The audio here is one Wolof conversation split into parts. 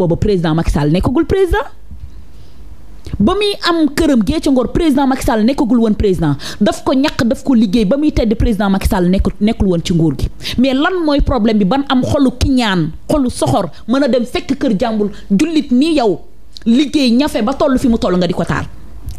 booba président Macky Sall nekkagul président ba muy am këram gee ca ngoor président Macky Sall nekkagul woon président daf ko ñàkk daf ko liggéey ba muy tedd président Macky Sall nekk nekkul woon ci nguur gi mais lan mooy problème bi ban am xolu kiñaan xolu soxor mën a dem fekk kër jàmbul jullit ni yow liggéey ñafe ba toll fi mu toll nga di ko taal.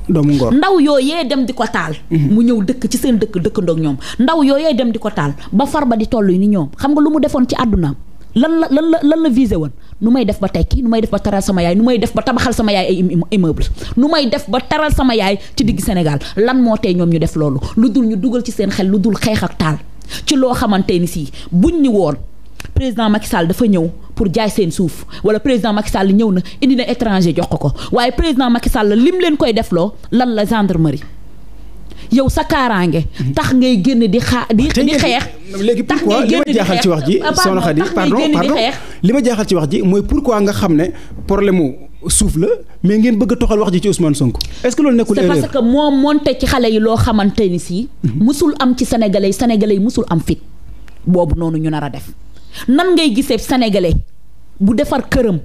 doomu Ngor ndaw yooyee dem di ko taal. Mhm. mu ñëw dëkk ci seen dëkk dëkk ak ñoom ndaw yooyee dem di ko taal ba far ba di toll ni ñoom xam nga lu mu defoon ci àdduna lan la lan la lan la visé woon nu may def ba tekki nu may def ba taral sama yaay nu may def ba tabaxal sama yaay ay immeuble nu may def ba taral sama yaay ci digg Sénégal lan moo tey ñoom ñu def loolu lu dul ñu dugal ci seen xel lu dul xeex ak taal ci loo xamante ni sii buñ ni woon président Macky Sall dafa ñëw pour jaay seen suuf wala président Macky Sall ñëw na indi na étranger jox ko ko waaye président Macky Sall lim leen koy def loo lan la gendarmerie. yow sa kaaraange. tax ngay génn di xaa di di xeex. léegi pourquoi li ma jaaxal ci wax ji. soxna Khady pardon pardon li ma jaaxal ci wax ji mooy pour pourquoi nga xam ne problème mu suuf la mais ngeen bëgg toxal wax ji ci Ousmane Sonko est-ce que loolu nekkul erreur c'est parce que moo monté ci xale yi loo xamante ni si. Mhm. musul am ci sénégalais yi sénégalais yi musul am fit boobu noonu ñu nar a def nan ngay gisee sénégalais bu defar këram.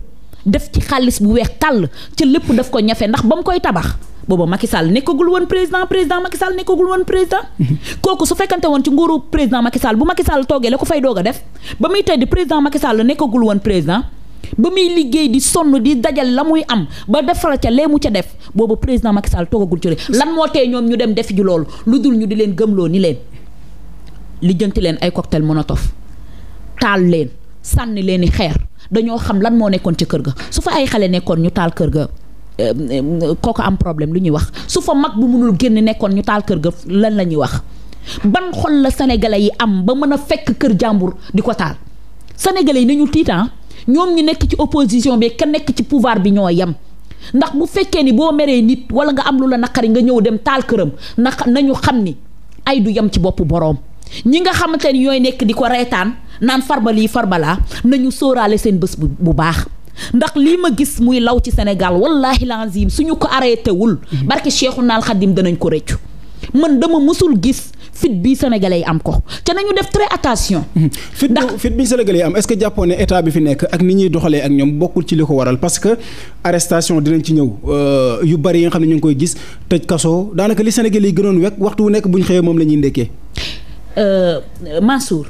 def ci xaalis bu weex tàll ca lépp daf ko ñafe ndax ba mu koy tabax booba Macky Sall nekkagul woon président président Macky Sall nekkagul woon président. kooku su fekkante woon ci nguuru président Macky Sall bu Macky Sall toogee la ko def ba muy tey di président Macky nekkagul woon président. ba muy liggéey di sonn di dajal la muy am ba defal ca lee mu ca def boobu président Macky Sall toogagul ci lan moo tee ñoom ñu dem def ji loolu lu dul ñu di leen gëmloo ni leen lijjanti leen ay cocktail Molotov taal leen sànni leen i xeer dañoo xam lan moo nekkoon ci kër ga su fa ay xale nekkoon ñu taal kër ga euh, euh, kooku am problème lu ñuy wax su fa mag bu munul génn nekkoon ñu taal kër ga lan la ñuy wax ban xol la sénégalais yi am ba mën a fekk kër jàmbur di ko taal sénégalais yi nañu tiitan ah, ñoom ñi nekk ci opposition bi ka nekk ci pouvoir bi ñoo yem ndax bu fekkee ni boo meree nit wala nga am lu la naqari nga ñëw dem taal këram ndax nañu xam ni ay du yem ci boppu boroom ñi nga xamante ni ñooy nekk di ko reetaan naan farba lii farba laa nañu sóoraale seen bés bu bu baax ndax lii ma gis muy law ci senegal Sénégal wallahi lazim suñu ko arrêté wul. Mhm. barke Cheikhu naal Xadim danañ ko rëccu. man dama mësul gis fit bi sénégalais am ko te nañu def très attention. Mhm. fit ndax fit bi sénégalais yi am est que jàppoon ne état bi fi nekk ak ni ñuy doxalee ak ñoom bokkul ci li ko waral parce que arrestation dinañ ci ñëw euh, yu bari yi nga xam ne ñu ngi koy gis tëj kaso daanaka li sénégalais yi gënoon wekk waxtu wu nekk bu ñu xëyee moom la ñuy ndekkee. Euh, Mansour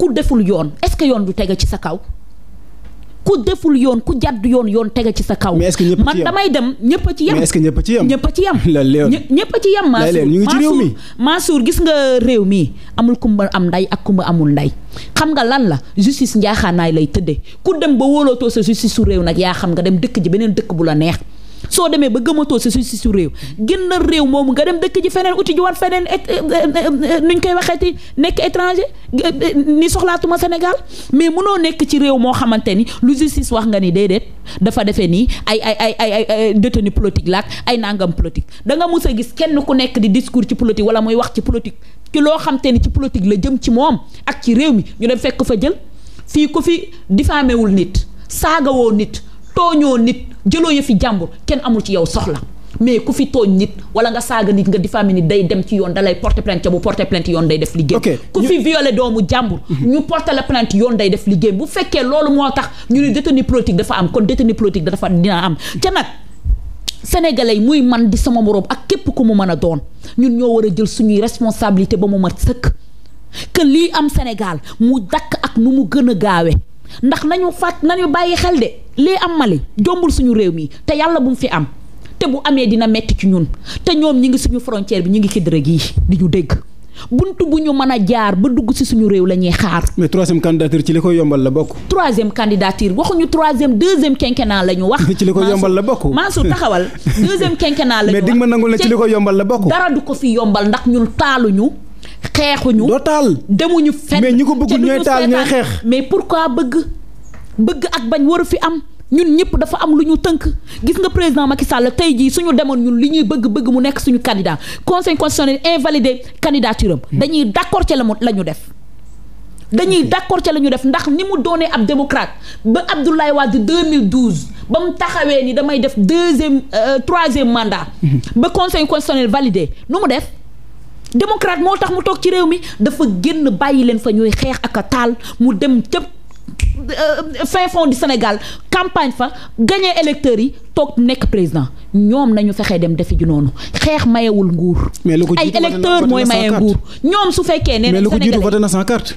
ku deful yoon est-ce que yoon du tege ci sa kaw ku deful yoon ku jàdd yoon yoon tege ci sa kaw. mais est-ce que ñëpp man damay dem ñëpp ci yem. mais est-ce ci yem ñëpp a ñëpp ci yem Mansour ñu ngi ci réew mi gis nga réew mi amul kumba am nday ak kumba amul nday xam nga lan la justice njaaxaanaay lay tëddee ku dem ba wóolootoo sa justice su réew nag yaa xam nga dem dëkk ji beneen dëkk bu la neex. soo demee ba gëmatoo si si su réew génnal réew moomu nga dem dëkk ji feneen uti ji waat feneen euh, euh, euh, nuñ koy waxeeti nekk étranger ni soxlaatuma Sénégal mais mënoo nekk ci réew moo xamante ni lu justice wax nga ni déedéet dafa defee nii ay ay ay ay ay détenu ay nangam politique da nga mus a gis kenn ku nekk di discours ci politique wala muy wax ci politique ki loo xamante ni ci politique la jëm ci moom ak ci réew mi ñu dem fekk fa jël fii ko fi diffamewul nit saagawoo nit tooñoo nit jëloo yëfi jàmbur kenn amul ci yow soxla mais ku fi tooñ nit wala nga saaga nit nga diffamé nit day dem ci yoon dalay porter plainte ca bu porter plainte yoon day def liggéey okay. ku fi violé doomu jàmbur mhm. ñu porter la yoon day def liggéey bu fekkee loolu moo tax ñu ne détenu politique dafa am kon détenu politique dafa dina am ca nag sénégalais muy man di sama moroom ak képp ku mu mën a doon ñun ñoo war a jël suñuy responsabilité ba mu mat sëkk que lii am Sénégal mu dakk ak nu mu gën a gaawe ndax nañu fàtt nañu bàyyi xel de li am Mali jombul suñu réew mi te yàlla bu mu fi am te bu amee dina metti ci ñun te ñoom ñi ngi suñu frontière bi ñu ngi Kidira gii di ñu dégg bunt bu ñu mën a jaar ba dugg ci suñu réew la ñuy xaar. mais troisième candidature ci li koy yombal la bokk. troisième candidature waxuñu troisième deuxième quinquennat la ñu wax. ci li ko yombal la bokk. Mansour taxawal deuxième quinquennat la ñu wax. mais di nga ma nangul ne ci li koy yombal la bokk. dara ko fi yombal ndax ñun taaluñu. xeexuñu. doo taal demuñu fenn mais ñu ko bëgg ñooy taal ñooy xeex. mais pour pourquoi bëgg bëgg ak bañ waru fi am. ñun ñëpp dafa am lu ñu tënk gis nga président Macky Sall tey jii suñu demoon ñun li ñuy bëgg-bëgg mu nekk suñu candidat conseil constitutionnel invalidé candidature hmm. dañuy d' ca la mu la ñu def. dañuy d' accord ca la ñu def ndax ni mu doonee ab démocrate ba Abdoulaye Wade 2012 ba mu taxawee ni damay def deuxième euh, troisième mandat. Hmm. ba conseil constitutionnel validé nu mu def. démocrate moo tax mu toog ci réew mi dafa génn bàyyi leen fa ñuy xeex ak a taal mu dem ca euh, fin fond du Sénégal campagne fa gagné électeurs yi toog nekk président ñoom nañu fexe dem defi ju noonu xeex mayewul nguur. ay électeurs mooy maye nguur ñoom su fekkee. nee na Sénégalais mais lu ko jiitu voté na sans carte.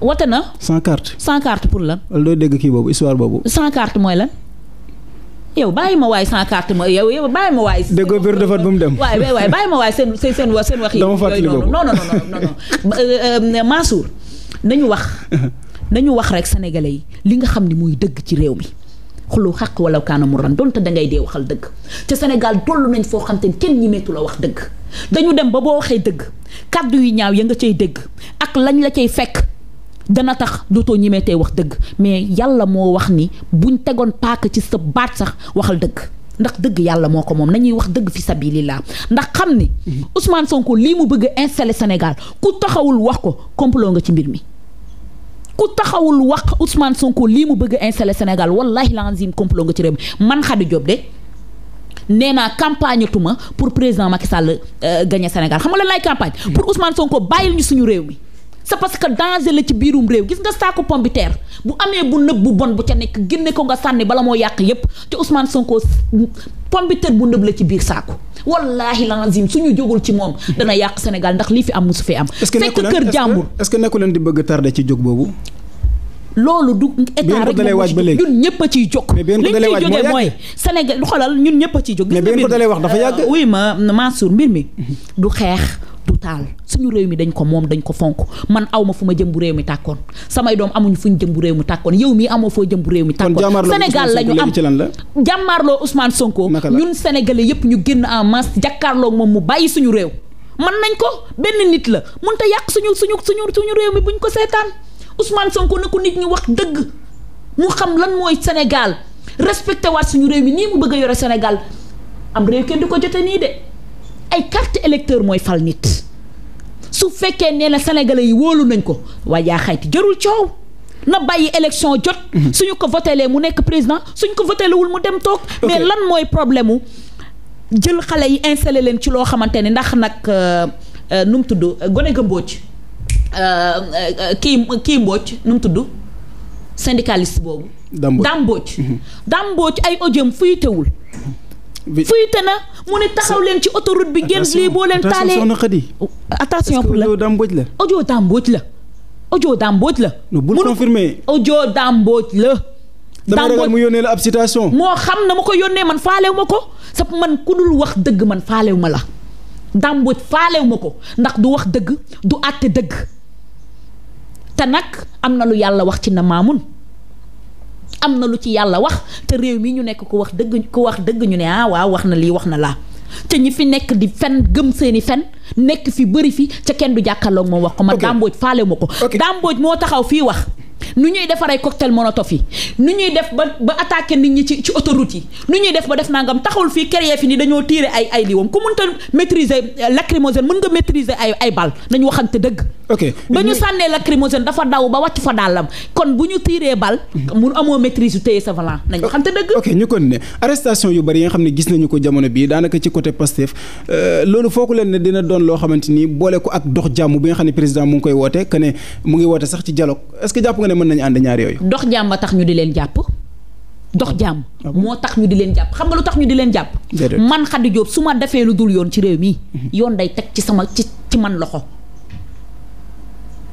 wote na. sans carte. sans pour lan. loolu doo dégg kii boobu histoire boobu. sans carte mooy lan. yow bàyyi ma waay sans carte ma yow yow bàyyi ma waay. déggoo biir defar ba mu dem. waay waay waay seen seen seen wax yi. dama fàttali non non non non euh, euh, nañu wax nañu wax rek sénégalais yi li nga xam ni muy dëgg ci réew mi. xulu xaq wala kaana mu ran donte dangay dee waxal dëgg te Sénégal toll nañ foo xam te ne kenn ñemeetu la wax dëgg dañu dem ba boo waxee dëgg kàddu yu ñaaw ya nga cay dëgg ak lañ la cay fekk dana tax dootoo ñemee tey wax dëgg mais yàlla moo wax ni buñ tegoon paaka ci sa baat sax waxal dëgg ndax dëgg yàlla moo ko moom nañuy wax dëgg fi sabilillah ndax xam ni mhm. Ousmane Sonko lii mu bëgg a installé Sénégal ku taxawul wax ko complot nga ci mbir mi ku taxawul wax Ousmane Sonko lii mu bëgg installé Sénégal wallahi lanzim complot nga ci réew mi man Khady Diop de nee naa campagne tuma pour président Macky Sall euh, gagner Sénégal xam nga lan laay campagne mhm. pour Ousmane Sonko bàyyil ñu suñu réew mi c'est parce que danger la ci biirum réew gis nga saaku pomme de terre bu amee bu nëb bu bon bu ca nekk génne ko nga sànni bala moo yàq yépp te Ousmane Sonko pomme de terre bu nëb la ci biir saaku wallaahi su suñu jógul ci moom dana yàq Sénégal ndax li fi am su fee am fekk kër jàmbur est-ce que nekku leen di bëgg tardé ci jóg boobu loolu du état rek ñun ñëpp a ciy jóg li nga ciy jógee mooy Sénégal xoolal ñun ñëpp a ciy jóg mais bi ngeen ko dalee wax dafa yàgg oui ma Mansour mbir mi du xeex total suñu réew mi dañ ko moom dañ ko fonk man aw ma fu ma jëm bu réew mi tàkkoon samay doom amuñ fuñ jëm bu tàkkoon yow mii amoo foo jëm bu réew mi tàkkoon Sénégal la ñu am jàmmaarloo Ousmane Sonko ñun sénégalais yépp ñu génn en masse moom mu bàyyi suñu réew man nañ ko benn nit la mënta yàq suñu suñu suñu suñu réew mi buñ ko seetaan Ousmane Sonko na ko nit ñi wax dëgg mu xam lan mooy Sénégal respecté waat suñu réew mi nii mu bëgg a yore Sénégal am réew kenn du ko jote nii de ay carte électeur mooy fal nit su fekkee nee na sénégalais yi wóolu nañ ko waa yaa xayti jërul coow na bàyyi élection jot mhm. suñu ko votelee mu nekk président suñ ko voteelewul mu dem toog mais lan mooy problème mu jël xale yi installé leen ci loo xamante ne ndax nag euh, euh, nu mu tudd gone ga mbóoj euh, kii kii mbóoj nu mu tudd syndicaliste boobu Dame Mbodj mhm. ay audiom fuy fuyute na mu ne taxaw leen ci autoroute bi ngeen lii boo leen taalee attention soxna Khady oh, attention pour la audio damboj la audio damboj la audio damboj la bul confirmer audio damboj la dama ragal mu yónnee la ab citation moo xam na ma ko yónnee man faalew ma ko sa man ku dul wax dëgg man faalew ma la damboj faalew ma ko ndax du wax dëgg du àtte dëgg te nag am na lu yàlla wax ci na maamun am na lu ci yàlla wax te réew mi ñu nekk ko wax dëgg ko wax dëgg ñu ne ah waaw wax na lii wax na laa te ñi fi nekk di fen gëm seeni fen nekk fi bëri fi ca kenn du jàkkaarloog moom wax ko mag dàmbooj faale ma ko dàmbooj moo taxaw fii wax nu ñuy defaree cocktail Molotov fi nu ñuy def ba ba attaqué nit ñi ci ci autoroute yi nu ñuy def ba def nangam taxawul fii créé fi ni dañoo tiire ay ay liwam ku mënta maîtriser euh, lacrymogène mën nga maîtriser ay ay bal nañu waxante dëgg ok ba ñu sànnee lacrymogène dafa daw ba wàcc fa dàllam kon bu ñu tiiree bal. mun amoo maîtrise yu téye sa volant nañu xam te dëgg. ok ñu kon ne yu bari nga xam ne gis nañu ko jamono bii daanaka ci côté Pastef euh, loolu foogu leen ne dina doon loo xamante ni boole ko ak dox jàmm bi nga xam ne président mu ngi koy woote que ne mu ngi woote sax ci dialogue est-ce que jàpp nga ne mën nañu ànd ñaar tax ñu leen jàpp. dox jàmm ah moo tax ñu di leen jàpp xam nga lu tax ñu di leen jàpp man Khady Diop su ma defee lu dul yoon ci réew mi mhm. yoon day teg ci sama ci ci man loxo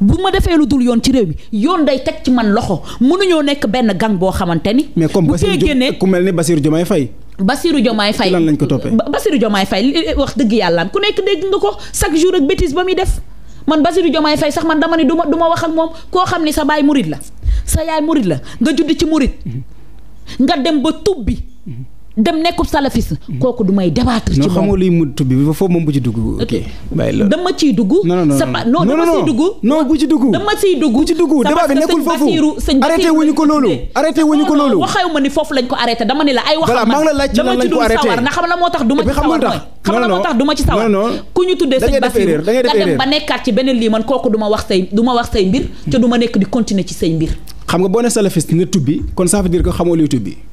bu ma defee lu dul yoon ci réew mi yoon day teg ci man loxo mënuñoo nekk benn gang boo xamante ni. mais comme Bassirou Diomaye ku mel ni Bassirou Diomaye Faye. Bassirou Diomaye Faye lan lañ ko toppee. Bassirou Diomaye Faye wax dëgg yàlla ku nekk dégg nga ko chaque jour ak bêtise ba muy def man Bassirou Diomaye Faye sax man dama ni du ma du ma wax ak moom koo xam ni sa baay murit la sa yaay murit la nga judd ci murit nga dem ba tubbi. dem nekkub salafiste kooku du may débattre ci moom xam nga luy mudd bi foofu moom bu ci dugg ok bàyyi loolu dugg non non non dama ci ko loolu arrêté wuñu ko loolu waxew ma ni foofu lañ ko arrêté dama ni la tax duma ci sawar xam la moo tax duma ci sawar ku ñu tuddee sëñ Bassirou nga dem ba nekkaat ci beneen lii man kooku duma wax say duma wax say mbir te duma nekk di continuer ci say mbir xam nga boo ne salafiste nga tubbi kon ça veut dire que xamoo luy tubbi